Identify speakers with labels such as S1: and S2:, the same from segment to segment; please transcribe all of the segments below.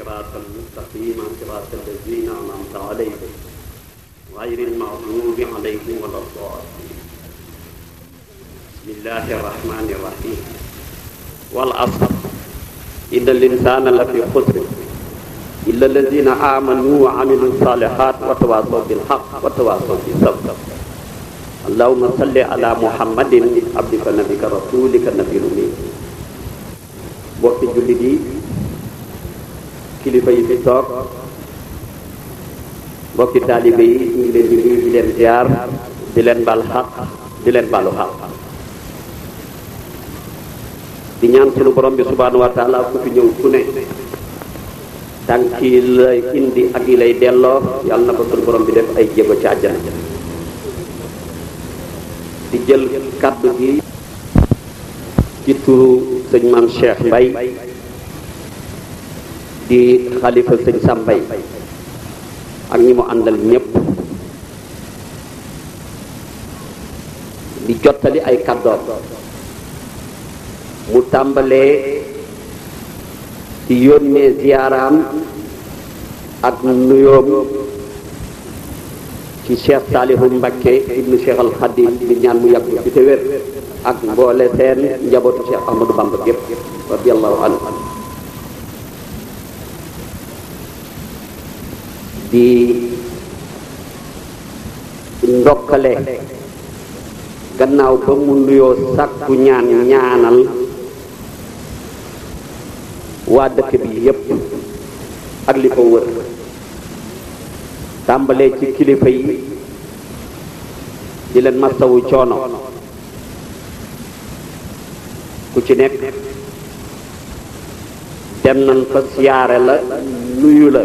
S1: صراط المستقيم صراط الذين أنعمت عليهم غير المغضوب عليهم ولا الضالين بسم الله الرحمن الرحيم والعصر إن الإنسان لفي خسر إلا الذين آمنوا وعملوا الصالحات وتواصوا بالحق وتواصوا بالصبر اللهم صل على محمد عبدك نبيك رسولك نبي الأمي بوكي جلدي kilifa yi fi toog mbokki taalibe yi ngi leen di nuyu di leen ziar di leen bal xaq di leen balu xaq di ñaan sunu borom bi subhaanahu wa taala ku fi ñëw ku ne tànk yi lay indi ak yi lay delloo yàlla na ko sunu borom bi def ay jéego ci àjjana di jël kàddu gi ci turu sëñ maam Cheikh di xalifa sëñ sàmbay ak ñi mu àndal ñépp di jottali ay kàddoom mu tàmbalee ci yónnee ziyaaraam ak nuyoom ci Cheikh Saalihu Mbakke ibnu Cheikh al Xadim di ñaan mu yàgg bi te ak mboole seen njabootu Cheikh Ahmadou Bamba gépp radiallahu anhu di ndokkale gannaaw ba mu nuyoo sàkku ñaan ñaanal waa dëkk bi yépp ak li ko wër tàmbalee ci kilifa yi di leen masawu coono ku ci nekk dem nañ fa siyaare la nuyu la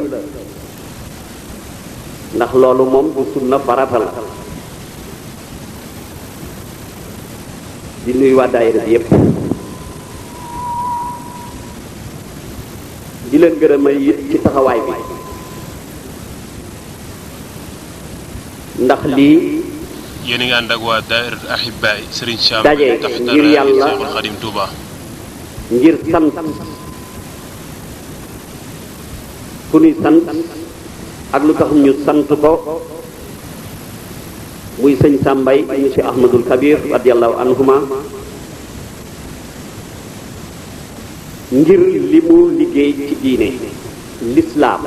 S1: ndax loolu moom bu sunna farata di nuyu waa daayira yépp di leen gërëma it ci taxawaay bi ndax lii yéen a ngi ànd ak waa daayira ahibaay Serigne Sam daje ngir yàlla ngir sant ku nuy sant ak lu tax ñu sant ko muy sëñ sàmbay ñu si ahmadul kabir radiallahu anhuma ngir li mu liggéey ci diine lislaam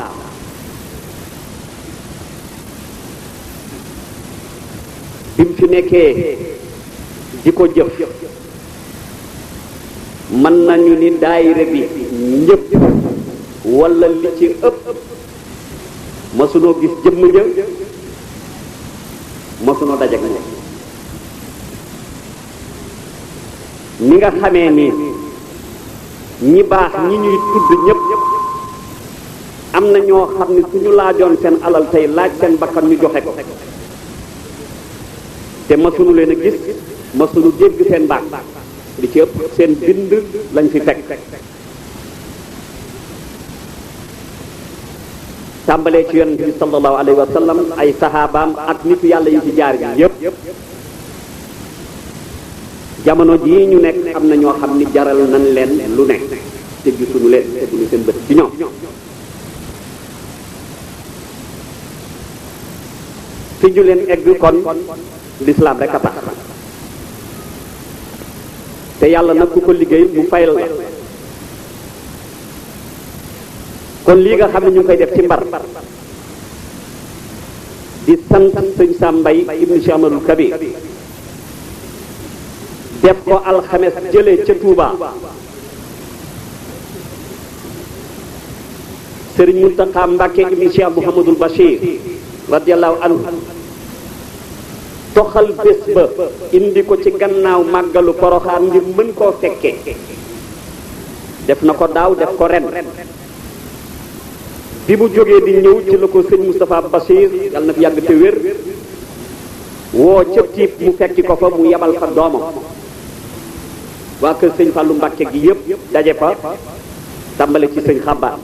S1: bi mu fi nekkee di ko jëf mën nañu ni daayira bi ñëpp wala li ci ëpp masunoo gis jëmm ja masunoo dajak moom ni nga xamee ni ñi baax ñi ñuy tudd ñépp am na ñoo xam ne suñu laajoon seen alal tey laaj seen bakkan ñu joxe ko te masunu leen a gis masunu dégg seen baax li ci ëpp seen bind lañ fi fekk tàmbalee ci yonent bi sallallahu alayhi wa sallam ay saxaabaam ak nitu yàlla yi ci jaar yi yépp jamono jii ñu nekk am na ñoo xam ni jaral nañ leen lu nekk te gisuñu leen teguñu seen bët ci ñoom fi ñu leen egg kon lislaam rek a tax te yàlla nag ku ko liggéey mu fayal la kon lii nga xam ne ñu koy def ci mbar di sant sëñ Sàmbay ibnu Cheikh Amadou Kabi def ko alxames jëlee ca Touba sëriñ Muntaxa Mbàkke ibnu Cheikh Mouhamadul radiallahu anhu toxal bés ba indi ko ci gannaaw màggalu poroxaan ngir mën koo fekke def na ko daaw def ko ren bi mu jógee di ñëw ci la ko sëñ Moustapha Bachir yàlla na fi yàgg te wér woo ca mu fekki ko fa mu yebal fa doomam waa kër sëñ Fallou Mbacke gi yëpp daje fa tàmbale ci sëñ xabaar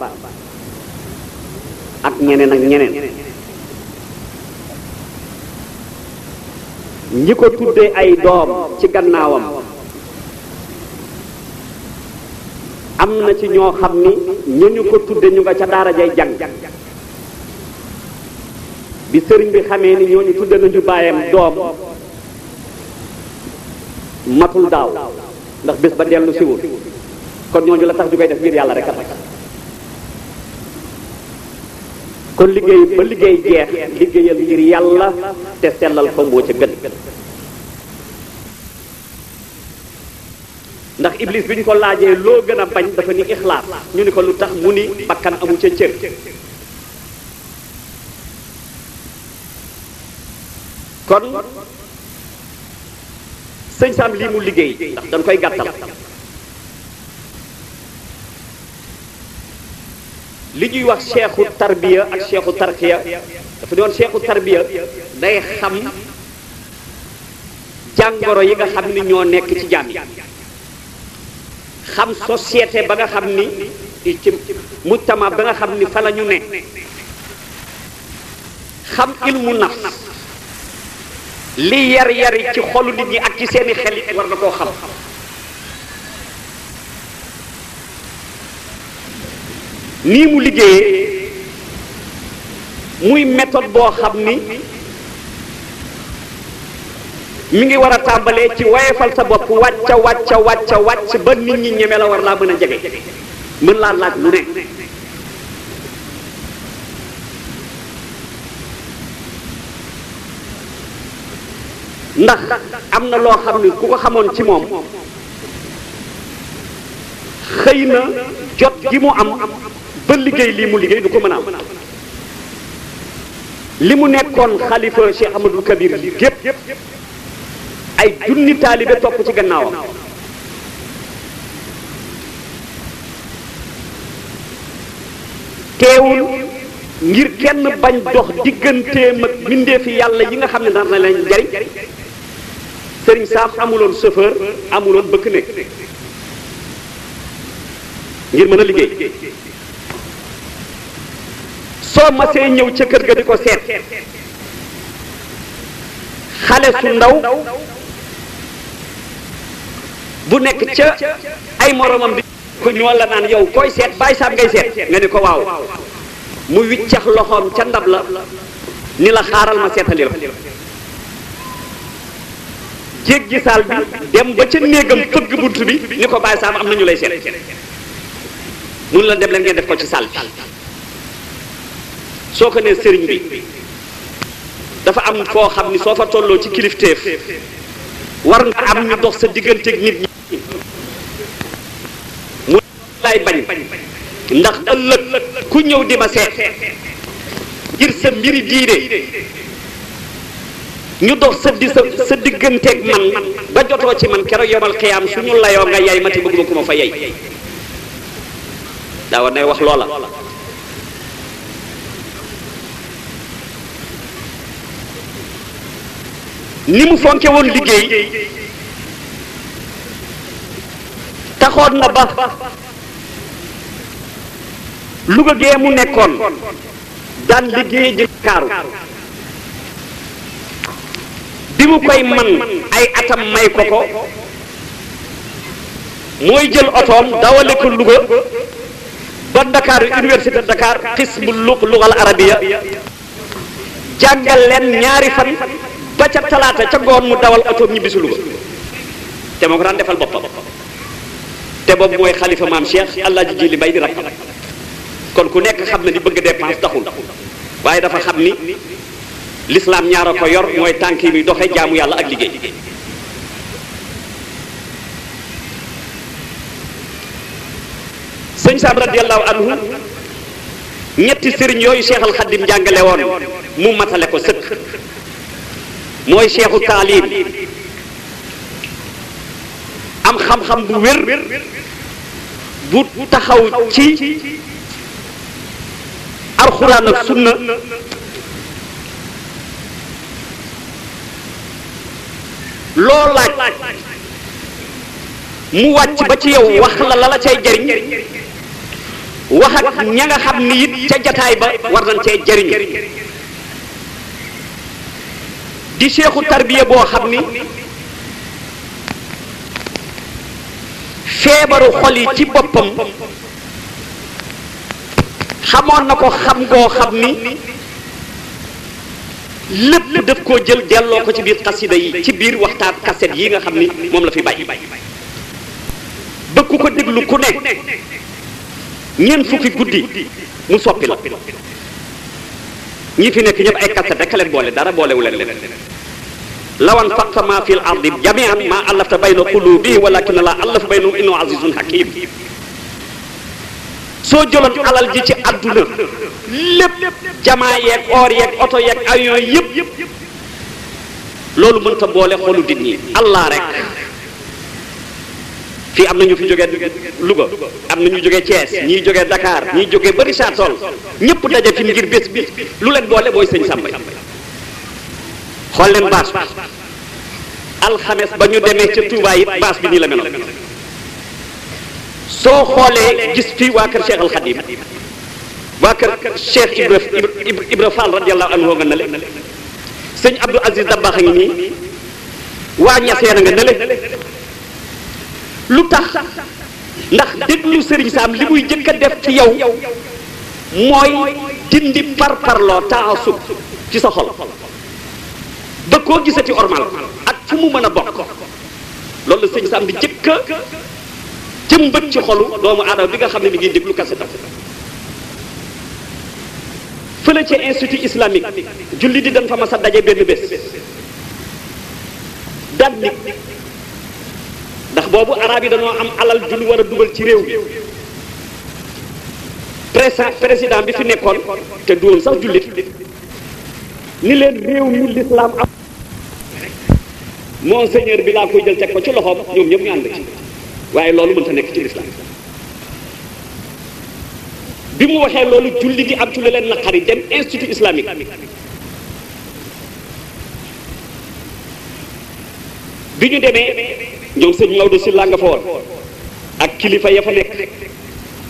S1: ak ñeneen ak ñeneen ñi ko tuddee ay doom ci gannaawam am na ci ñoo xam ni ñu ñu ko tudde ñu nga ca daara jay jàng bi sëriñ bi xamee ni ñooñu tudde nañu bàyyam doom matul daaw ndax bés ba dellu siwul kon ñooñu la tax ñu koy def ngir yàlla rek a tax kon liggéey ba liggéey jeex liggéeyal ngir yàlla te sellal fa mboo ca gën ndax iblis bi ñu ko laajee loo gën a bañ dafa ni ixlaas ñu ne ko lu tax mu ni bakkan amu ca cër kon sëñ lii mu liggéey ndax dañ koy gàttal li ñuy wax seexu tarbiya ak seexu tarqiya dafa doon seexu tarbiya day xam jàngoro yi nga xam ni ñoo nekk ci jaam yi xam société ba nga xam ni ci mujtama ba nga xam ni fa la ñu ne xam ilmu nafs li yar yari ci xolu nit ñi ak ci seeni xel war na koo xam nii mu liggéeyee muy méthode boo xam ni mi ngi war a tàmbalee ci woyefal sa bopp wàcca wàcca wàcca wàcc ba nit ñi ñemee la war laa mën a jege mën laa laaj lu ne ndax am na loo xam ne ku ko xamoon ci moom xëy na jot gi mu am ba liggéey lii mu liggéey du ko mën a am li mu nekkoon xalifa Cheikh Amadou Kabir gépp ay junni taalibe topp ci gannaawam teewul ngir kenn bañ dox digganteem ak mbindeefi yàlla yi nga xam ne nar na leen jariñ sëriñ saam amuloon chauffeur amuloon bëkk nekk ngir mën a liggéey soo masee ñëw ca kër ga di ko seet xale su ndaw bu nekk ca ay moromam di ko ñu walla naan yow koy seet bàyyi saab ngay seet nga ne ko waaw mu wiccax loxoom ca ndab la ni la xaaral ma seetali la jéggi saal bi dem ba ca néegam fëgg bunt bi ni ko bàyyi saab am na ñu lay seet mun la dem leen ngeen def ko ci saal bi soo ko ne sëriñ bi dafa am foo xam ni soo fa tolloo ci kilifteef war nga am ñu dox sa digganteeg nit ñi mu lay bañ ndax ëllëg ku ñëw di ma seet ngir sa mbiri diine ñu dox sa di sa sa digganteeg man ba jotoo ci man keroog yomal xiyaam suñu layoo nga yay ma te bëgguma ku ma fa yay daawa nay wax loola ni mu fonke woon liggéey taxoon na ba Louga gee mu nekkoon daan liggéey ji kaaru bi mu koy man ay atam may ko ko mooy jël otoom dawale ko Louga ba Dakar université Dakar xismu lu lugal arabiya jàngal leen ñaari fan ba ca talaata ca ngoon mu dawal otoom ñibbi si Louga te moo ko daan defal boppam te boobu mooy xalifa maam Cheikh allah ji li mbay di rakkam kon ku nekk xam na ni bëgg dépense taxul waaye dafa xam ni lislaam ñaar a ko yor mooy tànk yi muy doxe jaamu yàlla ak liggéey sëñ saab radiallahu anhu ñetti sëriñ yooyu Cheikh al Xadim jàngale woon mu matale ko sëkk mooy seexu taalim am xam-xam bu wér bu taxaw ci alxuraan ak sunna loo laaj mu wàcc ba ci yow wax la la la cay jariñ wax ña nga xam ni it ca jataay ba war nañ cee jariñ di seexu tarbiya boo xam ni feebaru xol yi ci boppam xamoon na ko xam goo xam ni lépp daf koo jël delloo ko ci biir xasida yi ci biir waxtaan kaset yi nga xam ni moom la fi bàyyi ba ku ko déglu ku ne ñeent fukki guddi mu soppi la ñi fi nekk ñëpp ay kaskat rek leen boole dara boolewu leen leen lawan faqta ma fi l ardi jamian ma allafta bayna qulubi walakin la allafa baynahum innahu azizun hakim soo jëloon alal ji ci àdduna lépp jamaa yeeg or yeeg oto yeeg avion yëpp loolu mënta boole xolu nit ñi allah rek fii am na ñu fi jógee Louga am na ñu jógee Thiès ñii jógee Dakar ñii jógee bëri saa tool ñëpp daje fi ngir bés bi lu leen boole mooy sëñ Samba xool leen baas bi alxames ba ñu demee ca Touba yi baas bi nii la meloon soo xoolee gis fii waa kër Cheikh Al Khadim waa kër Cheikh Ibra Ibra Fall radiyallahu anhu nga nale sëñ Abdou Aziz Dabakh a ngi nii waa Ñaseen a nga nale lu tax ndax déglu sëriñ saam li muy jëkk a def ci yow mooy dindi par parloo taasub ci sa xol ba koo gisati ormal ak fu mu mën a bokk loolu la sëriñ saam di jëkk a ci xolu doomu aadama bi nga xam ne mi ngi déglu kasetam fële ci institut islamique julli di dañ fa mas a daje benn bés daan ndax boobu arab yi dañoo am alal ju ñu war a dugal ci réew bi président bi fi nekkoon te du woon sax jullit ni leen réew mi lislaam am monseigneur bi laa koy jël teg ko ci loxoom ñoom ñëpp ñu ànd ci waaye loolu mënta nekk ci lislaam bi mu waxee loolu jullit yi am ci lu leen naqari dem institut islamique bi ñu demee ñoom sëñ de Sylla nga fa woon ak kilifa ya fa nekk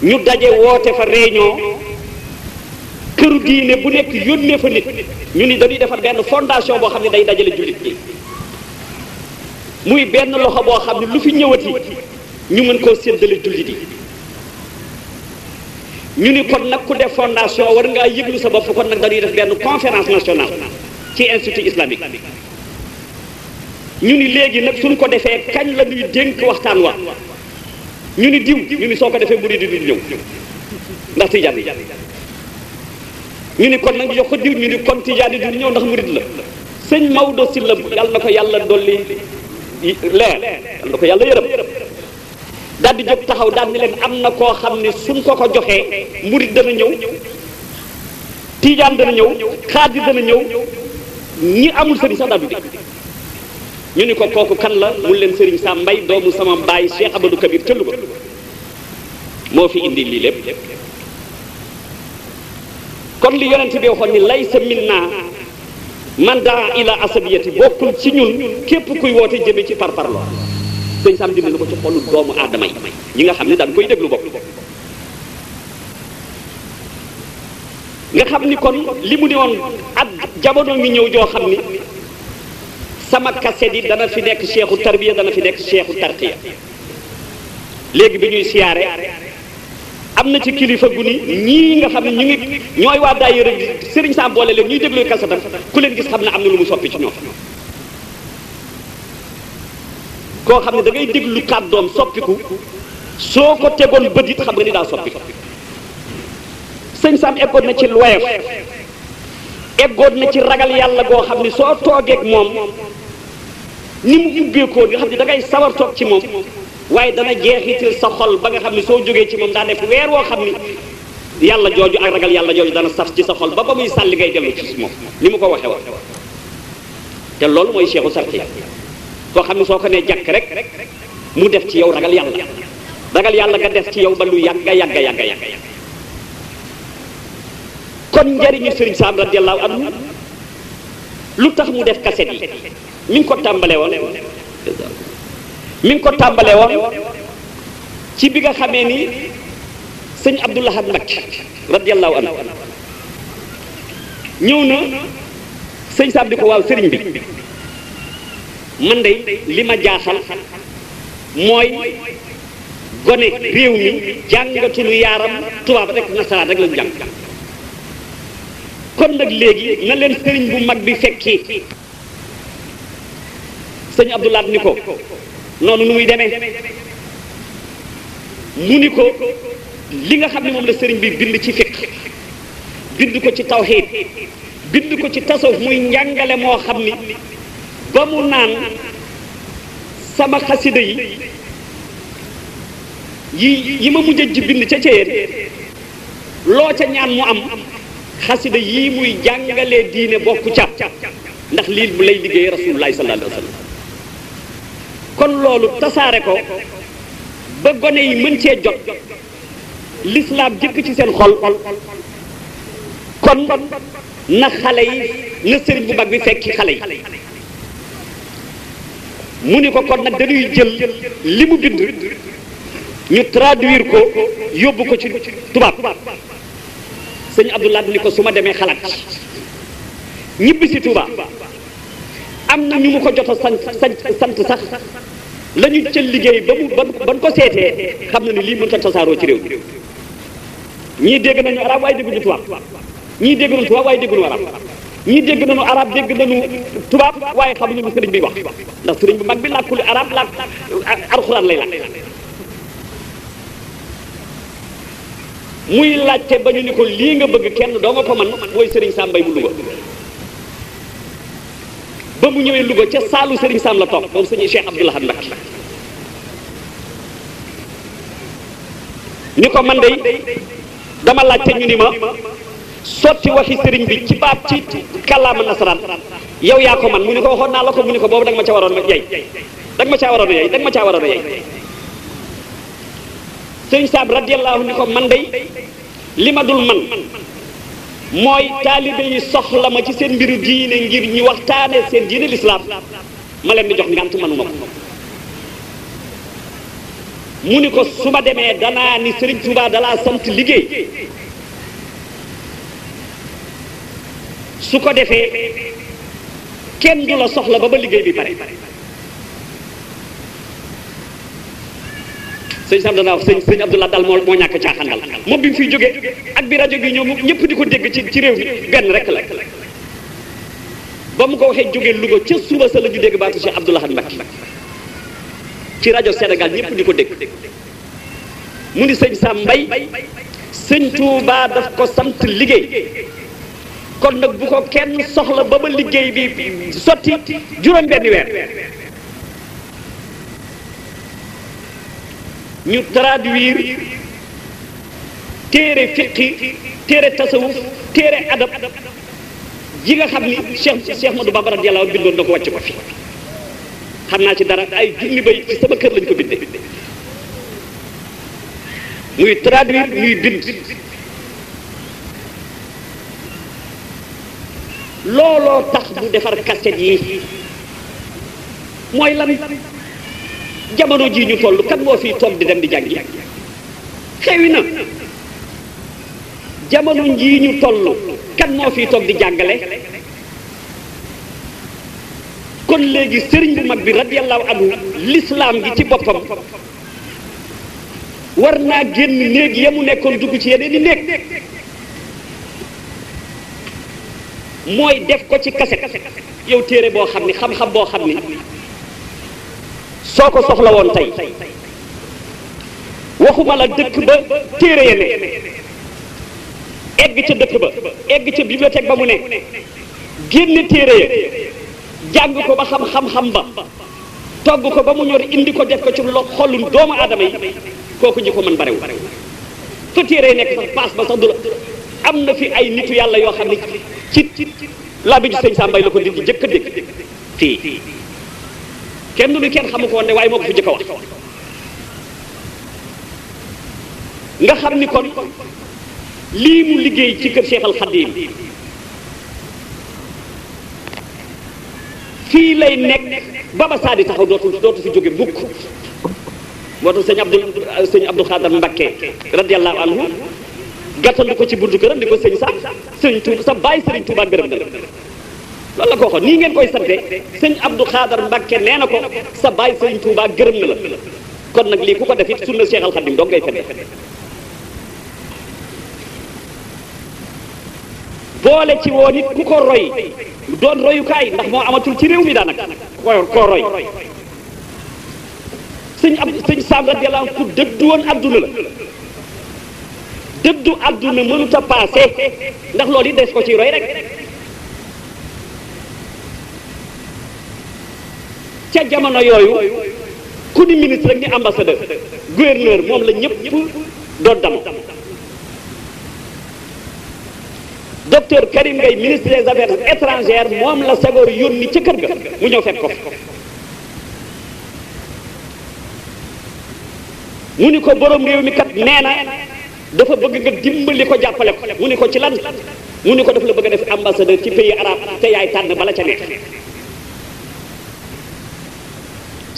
S1: ñu daje woote fa réunion këru diine bu nekk yónnee fa nit ñu ni dañuy defar benn fondation boo xam ne day dajale jullit yi muy benn loxo boo xam ne lu fi ñëwati ñu mën koo séddale jullit yi ñu ni kon nag ku def fondation war ngaa yëglu sa bopp kon nag dañuy def benn conférence nationale ci institut islamique ñu ni léegi nag suñ ko defee kañ la ñuy dénk waxtaan wa ñu ni diw ñu ni soo ko defee murid di du ñëw ndax tijaan yi ñu ni kon nag jox ko diw kon tijaan yi du ñëw ndax murid la sëñ Maodo Sylla yàlla na ko yàlla dolli leer yàlla na ko yàlla yërëm daal di jóg taxaw daal ni am na koo xam ne suñ ko ko joxee murid dana ñëw tiijaan dana ñëw xaadir dana ñëw ñi amul sëriñ sax daal du ñu ni ko kooku kan la mun leen sëriñ Sam Mbay doomu sama baay Cheikh Abdou Kabir ca Louga moo fi indi lii lépp kon li yonent bi waxoon ni laysa minna man daa ila asabiyati bokkul ci ñun képp kuy woote jëme ci par parparlo sëñ Sam dimbali ko ci xolu doomu aadama yi yi nga xam ne daan koy déglu bopp nga xam ni kon li mu ne woon ak jamono ngi ñëw joo xam ni sama kaset yi dana fi nekk cheikhu tarbiya dana fi nekk cheikhu tarqiya léegi bi ñuy siyaare am na ci kilifa gu ni ñii nga xam ne ñu ngi ñooy waa daayira sëriñ Sam boole leen ñuy dégluy kasetam ku leen gis xam ne am na lu mu soppi ci ñoom koo xam ne dangay ngay déglu kàddoom soppiku soo ko tegoon bët it xam nga ni daa soppiku sëñ Sam eggoon na ci loyaf eggoon na ci ragal yàlla goo xam ne soo toogeeg moom ni mu ubbeekoo ni xam ne da ngay sawar toog ci moom waaye dana jeexital sa xol ba nga xam ne soo jógee ci moom daa def weer woo xam ni yàlla jooju ak ragal yàlla jooju dana saf ci sa xol ba ba muy sàlli ngay dellu ci moom ni mu ko waxee woon te loolu mooy seexu sarti koo xam ne soo ko nee jàkk rek mu def ci yow ragal yàlla ragal yàlla nga def ci yow ba lu yàgga yàgga yàgga yàgga kon njariñu sëriñ Sam radiyallahu anhu lu tax mu def kaset yi mi ngi ko tàmbale woon mi ngi ko tàmbale woon ci bi nga xamee ni sëñ Abdul Ahad Mbacké radiyallahu anhu ñëw na sëñ Sam di ko waaw sëriñ bi man de li ma jaaxal mooy gone réew mi jàngatuñu yaaram tubaab rek nasaraan rek lañu jàng kon nag léegi na leen sëriñ bu mag bi fekki sëñ Abdoulaat ni ko noonu nu muy demee mu ni ko li nga xam ne moom la sëriñ bi bind ci fiq bind ko ci tawxiid bind ko ci tasawuf muy njàngale moo xam ni ba mu naan sama xasida yi yi yi ma mujj ji bind ca céyeen loo ca ñaan mu am xasida yii muy jàngalee diine bokku ca ndax lii bu lay liggéey rasulullah sallallahu alayhi wa sallam kon loolu tasaare ko ba gone yi mën cee jot lislaam jëkk ci seen xol kon na xale yi na sëriñ bu mag bi fekki xale yi mu ni ko kon nag dañuy jël li mu bind ñu traduire ko yóbbu ko ci tubaab sëñ Abdoulaye ni ko su ma demee xalaat ñibbi si Touba am na ñu mu ko jot a sant sant sax la ñu ca liggéey ba mu ban ko seetee xam na ni lii mënut a tasaaroo ci réew mi ñii dégg nañu arab waaye dégguñu tubaab ñii dégg nañu tubaab waaye dégguñu arab ñii dégg nañu arab dégg nañu tubaab waaye xam nañu sëriñ bi wax ndax sëriñ bi mag bi làkkul arab làkk alxuraan lay làkk muy laajte ba ñu ni ko lii nga bëgg kenn doo nga ko man mooy sëriñ Sam Mbay mu Louga ba mu ñëwee Louga ca saalu sëriñ Sam la toog moom sëriñ Cheikh Abdoul Ahad Mbacké ni ko man dey dama laajte ñu ni ma sotti waxi sëriñ bi ci baat ci kàllaama nasaraan yow yaa ko man mu ni ko waxoon naa la ko mu ni ko boobu danga ma ca waroon yey danga ma caa waroon yey ma caa waroon yey sëñ saab radiyallahu ni ko man day li ma dul man mooy taalibe yi soxla ma ci seen mbiru diine ngir ñu waxtaane seen diine lislaam ma leen di jox ngànt manuma ko mu ni ko su ma demee danaa ni sëriñ Tuubaa dalaa sant liggéey su ko defee kenn du la soxla ba ba liggéey bi pare sëñ Sam dana wax sëñ sëñ Abdoulaye daal moo moo ñàkk caaxandal moom bi mu fiy jógee ak bi rajo bi ñoom ñëpp di ko dégg ci ci réew mi benn rek la ba mu ko waxee jógee Louga ca suba sa la ñu dégg baatu Cheikh Abdoulaye Mbacké ci rajo senegal ñëpp di ko dégg mu ni sëñ Sam Mbaye sëñ Touba daf ko sant liggéey kon nag bu ko kenn soxla ba ba liggéey bi sotti juróom benn weer ñu traduire téere fiqi téere tasawuf téere adab yi nga xam ni Cheikh Cheikh Ahmadou Bamba radiyallahu bindoon na ko wàcc ko fi xam naa ci dara ay junni bay ci sama kër lañ ko bindee muy traduire ñuy bind looloo tax mu defar kaset yi mooy lan jamono jii ñu toll kan moo fiy toog di dem di jàngi xewi na jamono jii ñu toll kan moo fi toog di jàngale kon léegi sëriñ bu mag bi radiyallahu anhu lislaam gi ci boppam war naa génn néeg ya mu nekkoon dugg ci yeneen i néeg mooy def ko ci kaset yow téere boo xam ne xam-xam boo xam ni soo ko soxla woon tey waxuma la dëkk ba téere ya ne egg ca dëkk ba egg ca bibliothèque ba mu ne génn téere ya jàng ko ba xam xam-xam ba togg ko ba mu ñor indi ko def ko ci lo xolum doomu aadama yi kooku ñi ko mën barewul fa téere ya nekk sax paas ba sax du am na fi ay nitu yàlla yoo xam ne ci laa bi ju sëñ Samba la ko dindi jëkk a dégg fii kenn lu kenn xamu ko woon de waaye moo ko fi jëkk a wax nga xam ni kon lii mu liggéey ci kër Cheikh Al Khadim fii lay nekk baba saadi taxaw dootul dootu fi jóge bukk moo tax sëñ Abdou sëñ Abdou Khadar Mbakke radiyallahu anhu gàttal ko ci buntu këram di ko sëñ sa sëñ Tuuba sa bàyyi sëriñ Tuuba gërëm na loolu la ko waxoon nii ngeen koy sante sëñ Abdou Khadar Mbacke nee na ko sa baay sëñ Touba gërëm na la kon nag lii ku ko def it sunna Cheikh Al Khadim dong ngay fete boole ci woon it ku ko roy doon royukaay ndax moo amatul ci réew mi daanaka ko koo roy sëñ ab sëñ Sam radiyallahu ku dëddu woon adduna la dëddu adduna mënut paase ndax loolu it des ko ci roy rek ca jamono yooyu ku di ministre rek di ambassadeur gouverneur moom la ñëpp doon dam docteur Karim Gueye ministre des affaires étrangères moom la Senghor yónni ca kër ga mu ñëw fekk ko mu ni ko borom réew mi kat nee na dafa bëgg nga dimbali ko jàppale ko mu ni ko ci lan mu ni ko dafa la bëgg a def ambassadeur ci pays arabe te yaay tànn bala ca nekk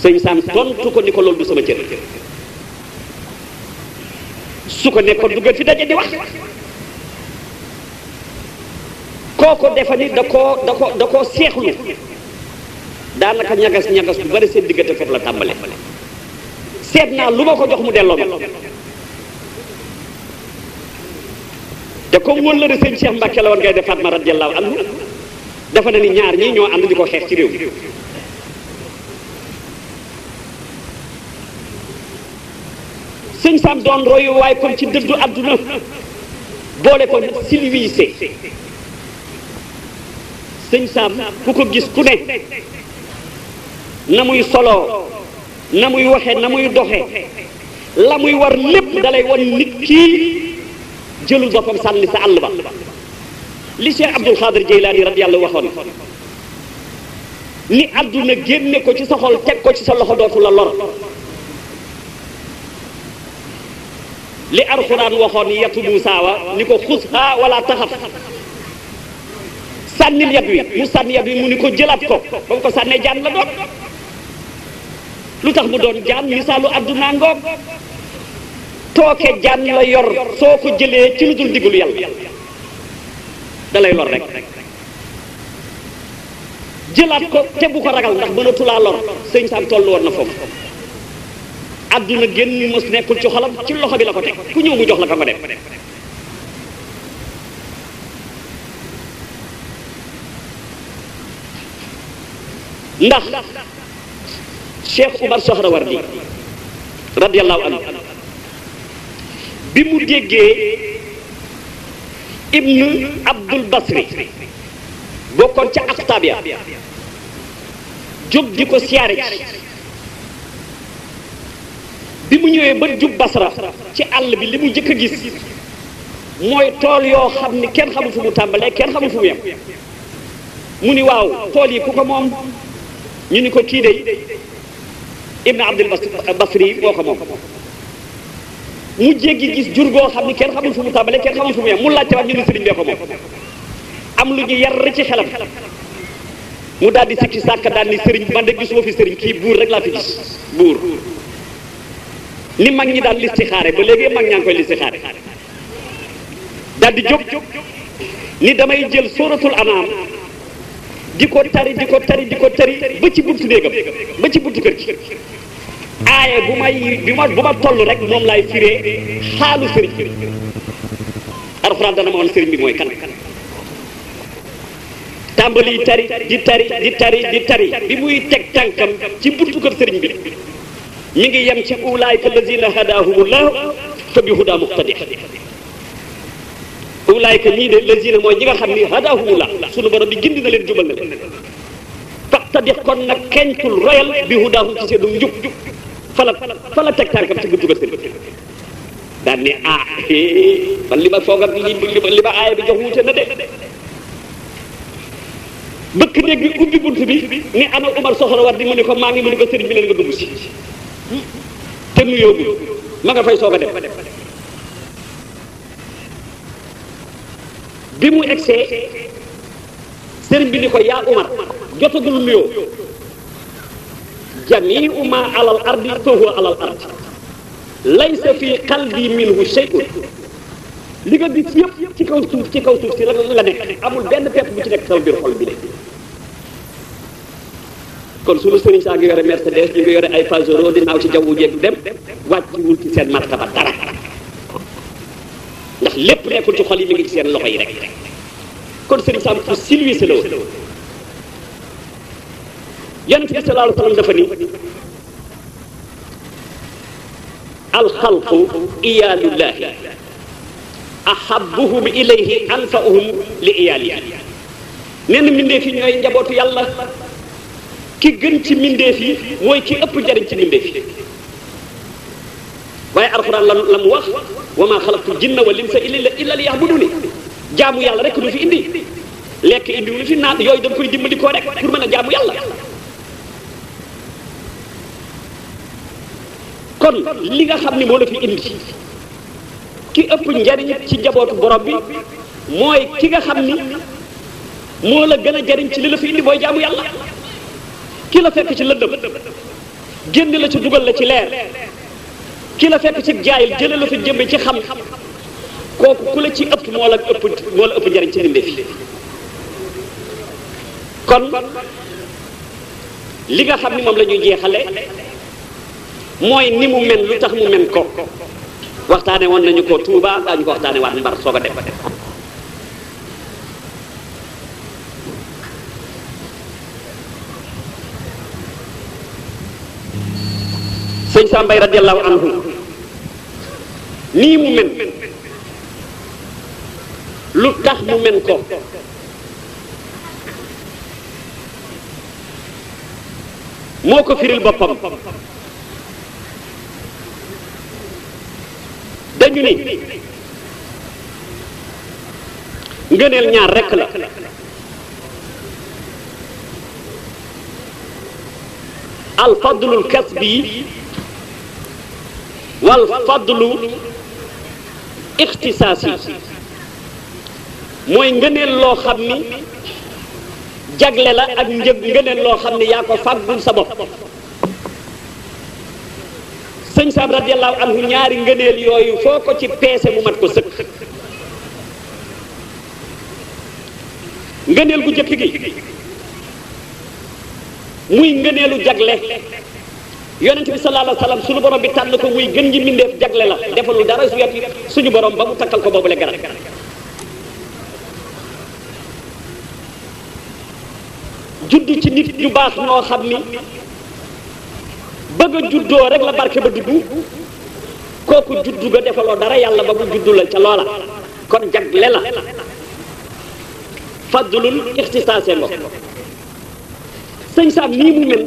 S1: sëñ Saam tontu ko ni ko loolu du sama cër su ko nekkoon du gën fi daje di wax kooko defa ni da koo da ko da koo seexlu daanaka ñagas ñagas bu bari seen diggante foofu la tàmbale seet naa lu ma ko jox mu delloo ma te comme wëllëre sëñ Cheikh Mbacke la woon ngay defaat ma radiyallahu anhu dafa na ni ñaar ñii ñoo ànd di ko xeex ci réew mi sëñ Sam doon royuwaay kon ci dëddu àdduna boole ko civilisé sëñ Sam ku ko gis ku ne na muy soloo na muy waxe na muy doxe la muy war lépp dalay wan nit kii jëlul boppam sànni sa àll ba li Cheikh Abdul Xaadir Jeylaani radiyallahu waxoon ni àdduna génne ko ci sa teg ko ci sa loxo dootu la lor li alxuraan waxoon yatu Muusaa ni ko xushaa wala taxaf sànnil yat wi mu sànni yat wi mu ni ko jëlaat ko ba mu ko sànnee jaan la doon lu tax mu doon jaan misaalu àdduna ngoog tooke jaan la yor soo ko jëlee ci lu dul digul yàlla da lor rek jëlaat ko te bu ko ragal ndax mënatulaa lor sëñ Sam toll woon na foofu àdduna génn mës nekkul ci xolam ci loxo bi la ko teg ku ñëw mu jox la ka nga dem ndax Cheikh Umar Sohrawardi radiyallahu anhu bi mu déggee Ibnu Abdul Basri bokkoon ca Aktabiya jóg di ko siyaare ci bi mu ñëwee ba jub basra ci àll bi li mu njëkk a gis mooy tool yoo xam ni kenn xamul fu mu tàmbalee kenn xamul fu mu yem mu ni waaw tool yi ku ñu ni ko kii de ibn abdul basri boo ko moom mu jéggi gis jur goo xam ni kenn xamul fu mu tàmbalee kenn xamul fu mu yem mu laajte waat ñu ni sëriñ bee ko moom am lu ñu yar ci xelam mu daal di sikki sàkk daal ni sëriñ man de gisuma fi sëriñ kii buur rek laa fi gis buur li mag ñi daan listixaare ba léegi mag ñaa ngi koy listixaare daal di jóg ni damay jël sooratul anaam di ko tari di ko tari di ko tari ba ci buntu néegam ba ci buntu kër gi aaya bu may bi ma bu ma toll rek moom laay firee xaalu sëriñ bi alxuraan dana ma wan sëriñ bi mooy kan tàmbali tari di tari di tari di tari bi muy teg tànkam ci buntu kër sëriñ bi mi ngi yem ci ulaayka lazina hadahumullah fa bi huda muqtadi ulaayka ñii de lazina mooy ñi nga xam ni hadahumullah sunu borom bi gindi na leen jubal na leen faqtadi kon nag kentul royal bi hudaahum ci seenum njub fala fala teg tànkam ci buntu ba sëriñ daan ne ah man li ma foog ak li li ma aaya bi jox wuute na de bëkk néeg bi ubbi bunt bi ni ana Umar soxla war di mu ne ko maa ngi mu ne ko sëriñ bi nga dugg te nuyoo bi ma nga fay soog a dem bi mu egsee sëriñ bi ni ko yaa Umar jotagul nuyoo jamiu ma alal ardi fa huwa alal ardi laysa fi qalbi minhu shay'un li nga gis yëpp ci kaw ci kaw suuf si la la nekk amul benn pepp bu ci nekk sama biir xol bi de kon suñu sëriñ saa ngi yore Mercedes ñu ngi yore ay Pajero di naaw ci jawwu jéeg dem wàcciwul ci seen martaba dara ndax lépp nekkul ci xol yi seen loxo yi rek kon sëriñ Sam ku silvisé la woon yonent bi sallallahu alayhi dafa ni alxalqu iyaalullahi ahabuhum ilayhi anfa'uhum li iyaalihi nee na mbindee fi ñooy njabootu yàlla ki gën ci mbindeef yi mooy ki ëpp jariñ ci mbindeef yi waaye alxuraan la la mu wax wa maa xalaqtu jinna wal insa illa yàlla rek du fi indi lekk indi wu fi naan yooyu dañ koy dimbali koo rek pour mën a jaamu yàlla kon li nga xam ni moo la fi indi ki ëpp njariñ ci njabootu borom bi mooy ki nga xam ni moo la gën a jariñ ci li la fi indi mooy jaamu yàlla kii la fekk ci lëndëm génn la ci dugal la ci leer kii fekk ci jaayil jëlee la fi jëmbe ci xam kooku ku la ci ëpp moo la ëpp moo la ëpp njariñ ci mbindeef yi kon li nga xam ni moom lañuy ñuy jeexale mooy ni mu men lu tax mu men ko waxtaane woon nañu ko Touba daañu ko waxtaane waat Mbar soog a dem Moussa Mbaye radiallahu anhu nii mu lu tax mu mel ko moo ko boppam dañu ni ngëneel ñaar rekk la al fadlul kasbi wal fadlu ixtisaas yi mooy ngëneel loo xam ni jagle la ak njëg ngëneel loo xam ni yaa ko fàggul sa bopp sëñ saam ñaari ngëneel yooyu foo ko ci peese mu mat ko sëkk ngëneel gu jëkk gi muy ngëneelu jagle yonent bi sallallahu alayhi wa sallam suñu borom bi tànn ko muy gën ji mbindeef jagle la defalul dara su yet suñu borom ba mu takkal ko boobule garab judd ci nit ñu baax ñoo xam ni bëgg a juddoo rek la barke ba dugg kooku juddu ga defaloo dara yàlla ba mu juddu la ca loola kon jagle la fadlul ixtisaase ngo sëñ saam nii mu mel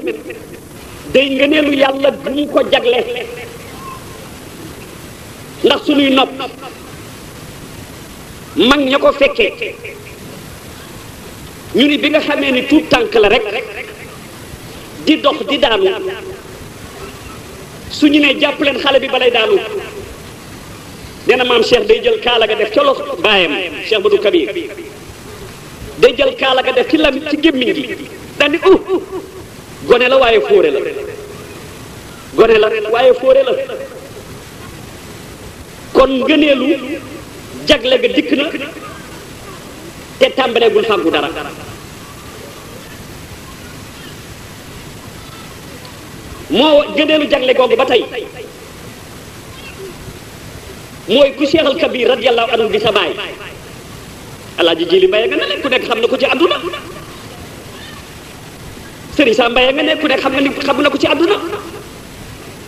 S1: day ngëneelu yàlla bu mu ko jagle ndax suñuy nopp mag ña ko fekkee ñu ni bi nga xamee ni tuut tànk la rek di dox di daanu su ñu nee jàpp leen xale bi balay daanu nee na maam Cheikh day jël kaala ga def ca loxo baayam Cheikh Badou Kabir day jël kaala ga def ci lam ci gémmiñ gi daal di uh gone la waaye fóore la gone la waaye fóore la kon ngëneelu jagle ga dikk na te tàmbaleegul fàggu dara moo ngëneelu jagle googu ba tey mooy ku Cheikh al Kabir radiyallahu anhu di sa baay alaaji ji li mbay nga ne leen ku nekk xam na ko ci àdduna sëriñ sa mbay nga ne ne xam nga ni xam na ko ci àdduna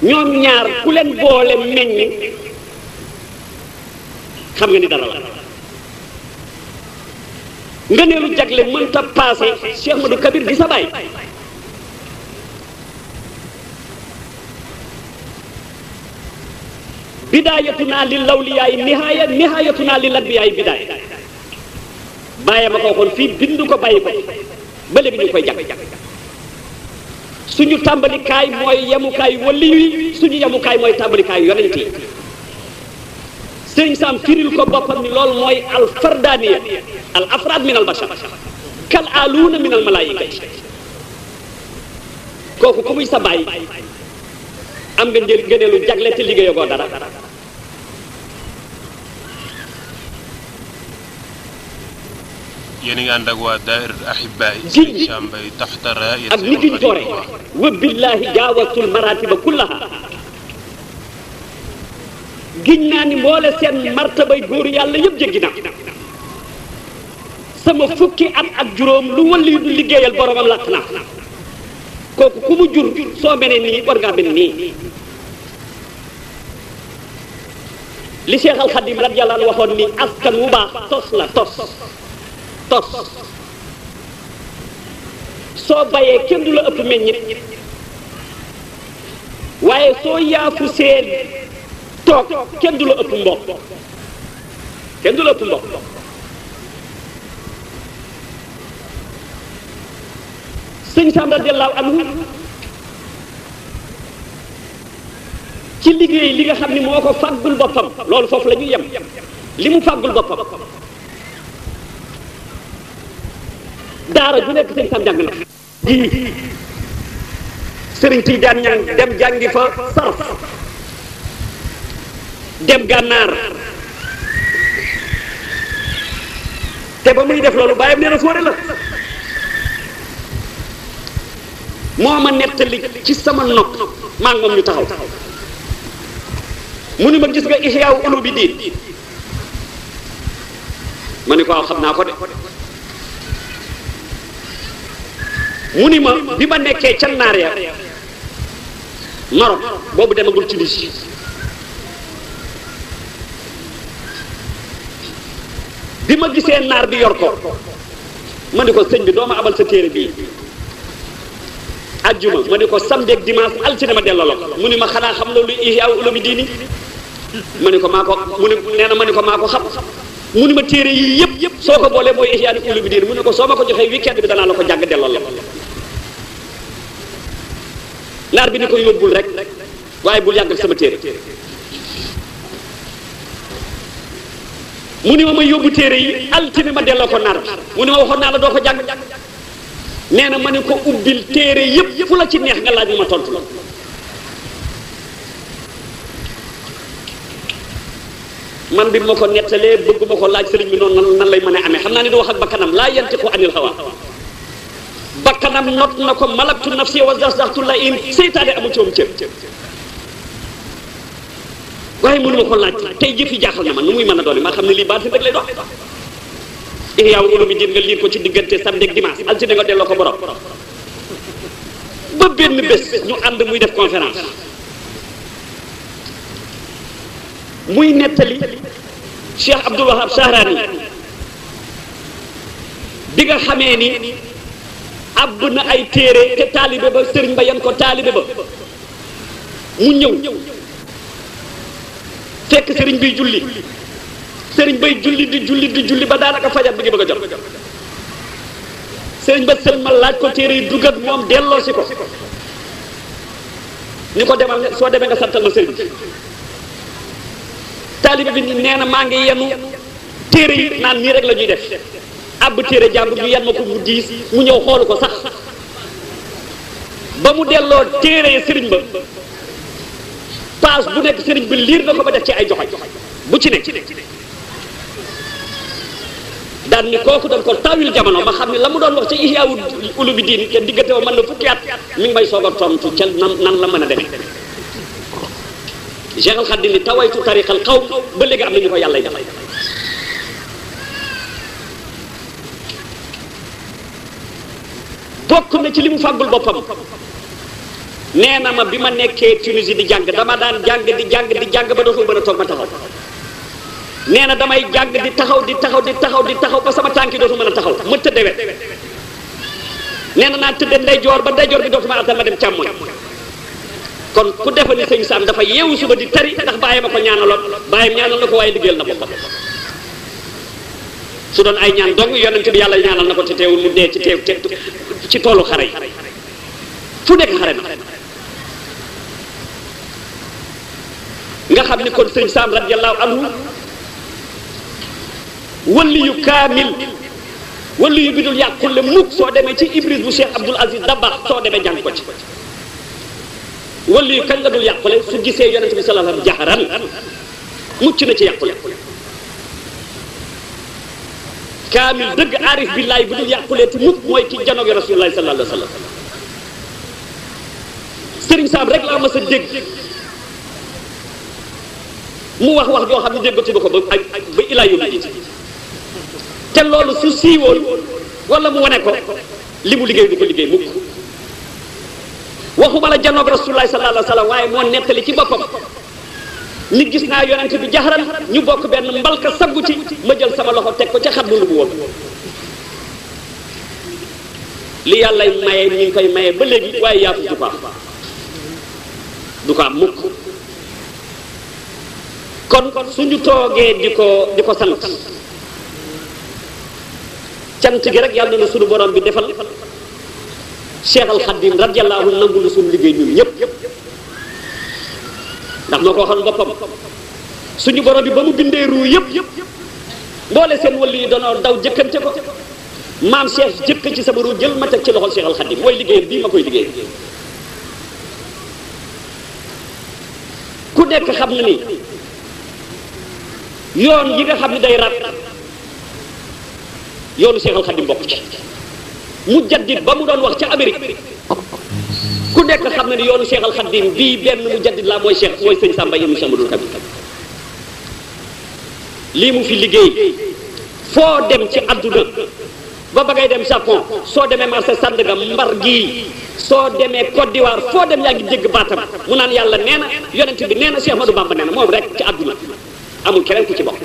S1: ñoom ñaar ku leen boole meññ xam nga ni dara la nga ne lu jagle mënta paase Cheikh Madou Kabir di sa baay bidaayatuna lil lawliyaay nihaaya nihaayatuna lil adbiyaay bidaay bàyyi ma ko waxoon fii bindu ko bàyyi ko bële bi ñu koy jàkk suñu tàmbalikaay mooy yemukaay waliyu yi suñu yemukaay mooy tàmbalikaay yonent yi sëriñ Saam firil ko boppam ni loolu mooy al fardaniya al afraad min al bashar kal aluuna min al malaayikati kooku ku muy sa bàyyi am nga njël ngëneelu jagle te liggéeyagoo dara yéen a ngi waa daayira Ahibaay Serigne Sam Mbaye taxtara ak ni ci doore wa jaawasul maratiba kullaha giñ naa ni mboole seen martabay góor yàlla yëpp jéggi na sama fukki at ak juróom lu wali du liggéeyal boromam làkk na kooku ku mu jur soo mene nii war nii li Cheikh Al Khadim waxoon ni askan wu baax tos la tos tos soo bayee kenn du la ëpp meññit waaye soo yaafu seen toog kenn du la ëpp mboq kenn du la ëpp mboq sëñ Sam radiyallahu anhu ci liggéey li nga xam ni moo ko fàggul boppam loolu foofu lañuy yem li mu fàggul boppam daara ju nekk sëñ Sam jàng na ji sëriñ Tidiane ñang dem jàngi fa sarf dem gànnaar te ba muy def loolu bàyyam nee na foore la moo ma nettali ci sama nopp maa ngi moom ñu taxaw mu ni ma gis nga Ihya Ulumuddin ma ni ko xam naa ko de mu ni ma bi ma nekkee ca naar ya Maroc boobu demagul Tunisie bi ma gisee naar bi yor ko ma ni ko sëñ bi doo ma abal sa téere bii ajjuma ma ni ko samedi ak dimanche altine ma delloo la mu ni ma xanaa xam loolu Ihya Ulumi Diini ma ni ko maa ko mu ni nee na ma ni ko maa ko xam mu ni ma téere yii yëpp yëpp soo ko boolee mooy Ihya Ulumi Diini mu ni ko soo ma ko joxee weekend bi danaa la ko jàng delloo la jaar bi ni ko yóbbul rek waaye bul yàggal sama téere mu ni ma ma yóbbu téere yi altine ma delloo ko nar mu ni ma waxoon naa la doo ko jàng nee na ma ne ko ubbil téere yépp fu la ci neex nga laaj ma ma tontu la man bi ma ko nettalee bëgg ko laaj sëriñ bi noonu nan lay mën a amee xam naa ne du wax ak bakkanam laa yantiqu anil hawa bakkanam not na ko malaktu nafsi wa zaxzaxtu la in seytaane amul coom cër waaye mënu ma ko laaj tey jëf yi jaaxal na ma nu muy mën a doon maa xam ne lii baal si rek lay doon Ihya eh, Ulumuddin nga liir ko ci diggante samedi ak dimanche altine nga delloo ko borom ba benn bés ñu ànd muy def conférence muy nettali Cheikh Abdul Wahab Sahrani bi nga xamee ni àbb na ay téere te taalibe ba sëriñ ba yen ko taalibe ba mu ñëw fekk sëriñ biy julli sëriñ bay julli di julli di julli ba daanaka fajar bi ngi bëgg a jot sëriñ ba sëriñ ma laaj ko téere yi duggat moom delloo ko ni ko demal soo demee nga santal ma sëriñ bi taalibe bi nee maa ngi yenu téere yi naan nii rek la ñuy def àbb téere jàmbur bi yan ma ko mu diis mu ñëw xoolu ko sax ba mu delloo téere sëriñ ba paas bu nekk sëriñ bi liir na ko ba def ci ay joxoñ bu ci nekk daan ni kooku dañ ko tawil jamono ma xam ne la mu doon wax ci ihya ulu bi diin te diggante ba mën na fukki at mi ngi may soog a tontu ca nan nan la mën a demee Cheikh Al Khadim ni tawaytu tariqal qawm ba léegi am na ñu ko yàllay defay bokk na ci li mu fàggul boppam nee na ma bi ma nekkee Tunisie di jàng dama daan jàng di jàng di jàng ba dootul mën a toog ma taxaw nee na damay jàng di taxaw di taxaw di taxaw di taxaw ba sama tànk yi dootul mën a taxaw ma tëdde wet nee na naa tëdde ndeyjoor ba ndeyjoor bi dootul ma attan ma dem càmmoñ kon ku defa ni sëñ Sam dafa yeewu suba di tari ndax bàyyi ma ko ñaanaloon bàyyi ñaanal na ko waaye liggéeyal na boppam su doon ay ñaan dong yonent bi yàlla ñaanal na ko te teewul mu dee ci teew te ci toolu xare yi fu nekk xare na nga xam ni kon sëriñ Saam radiyallahu anhu waliyu kaamil waliyu bi dul yàqulle mukk soo demee ci ibris bu Cheikh Abdul Aziz Dabakh soo demee jàng ko ci waliyu kañ la dul yàqule su gisee yonent bi sallallahu alayhi wa mucc na ci yàqule kaamil dëgg aarif billaay bu dul yàquleeti mukk mooy ki janoog rasulullahi sallallahu alayhi wa sallam sëriñ saam rek dégg mu wax wax joo xam ne déggati na ko ba ak ba ilaa yóbbu jiite te loolu su siiwoon wala mu wane ko li mu liggéey du ko liggéey mukk waxuma la janoog rasulullahi sallallahu waaye moo nettali ci boppam ni gis naa yonent bi jaxaran ñu bokk benn mbalka saggu ci ma jël sama loxo teg ko ca xam lu mu woon li yàlla maye ñu ngi koy maye ba léegi waaye yaatu du ko am du ko am mukk kon suñu toogee di ko di ko sant cant gi rek yàlla na suñu borom bi defal Cheikh Al Khadim radiyallahu nangu lu suñu liggéey ñun ñëpp ndax moo ko waxal boppam suñu borom bi ba mu bindee ruu yëpp mboole seen wàll yi danoo daw jëkkante ko maam Cheikh jëkk ci sama ruu jël ma teg ci loxol Cheikh Al Khadim mooy liggéeyam bii ma koy liggéey ku nekk xam na ni yoon yi nga xam ne day rat yoonu Cheikh Al Khadim bokk ci mu jaddit ba mu doon wax ca Amérique. ku nekk xam na ni yoonu Cheikh Al bii benn mu jaddid laa mooy Cheikh mooy sëñ Samba yéen Cheikh Madou Kabir lii mu fi liggéey foo dem ci àdduna ba ba ngay dem Japon soo demee marché Sandaga mbar gii soo demee Côte d'Ivoire foo dem yaa ngi dégg baatam mu naan yàlla nee na yonent bi nee na Cheikh Madou Bamba nee na moom rek ci àdduna amul keneen ku ci bokk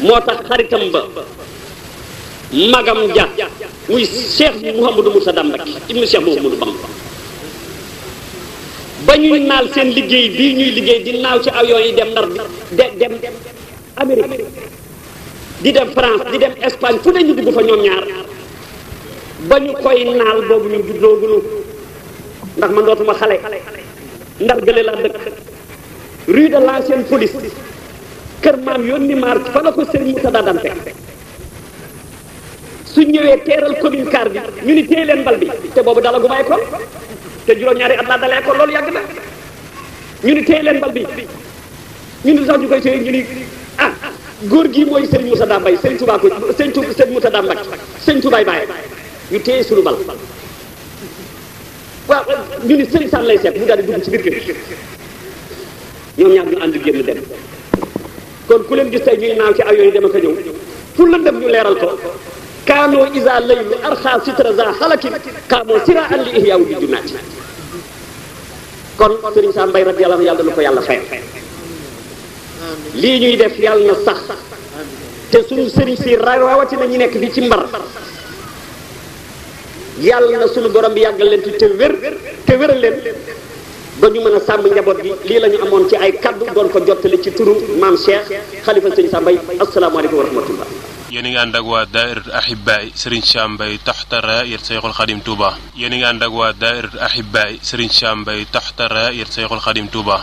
S1: moo tax xaritam ba. magam ja muy cheikh mu moussa dam rek ibnu cheikh mouhamadou bamba ba ñuy naal seen liggéey bii ñuy liggéey di naaw ci avion yi dem ndar de dem amérique di dem france di dem espagne fu ne ñu dugg fa ñoom ñaar ba ñu koy naal boobu ñu juddoogunu ndax man dootuma xale ndar gële laa dëkk rue de l'ancienne police kër maam yónni maar fa la ko sëriñ moussa dam teg suñ ñëwee teeral commune car bi ñu ni téye leen bal bi te boobu dalagu ma école te juróom-ñaari at laa dalee école loolu yàgg na ñu ni téye leen bal bi ñu ni sax ñu koy téye ñu ni ah góor gi mooy Serigne Moussa Dambay Serigne Touba ko Serigne Touba Serigne Moussa Dambay Serigne Touba Baye ñu téye suñu bal waaw ñu ni Serigne Sall lay seet mu daal di dugg ci biir kër ñoom ñaar ñu ànd génn dem kon ku leen gis tey ñuy naaw ci aw yooyu dem ak a ñëw pour lëndëm ñu leeral ko kaanoo isa lay mi arxa sitra za xalakin xaamoo sira an li ihyaw bi junaati kon sëriñ sa mbay rab yàlla yàlla na ko yàlla fayal lii ñuy def yàlla na sax te suñu sëriñ si rawatina ñu nekk fii ci mbar yàlla na suñu borom bi yàggal leen te wér te wéral leen ba ñu mën a sàmm njaboot bi lii la ñu amoon ci ay kaddu doon ko jottali ci turu maam Cheikh xalifa sëriñ sa mbay asalaamaaleykum wa rahmatullah yéen a dag ànd ak waa daairatu ahibaay Serigne Sam Mbaye taxta raayat Seyxul Xadim Touba yéen dag ngi ànd ak waa daairatu ahibaay Serigne Sam Mbaye taxta raayat Seyxul Xadim Touba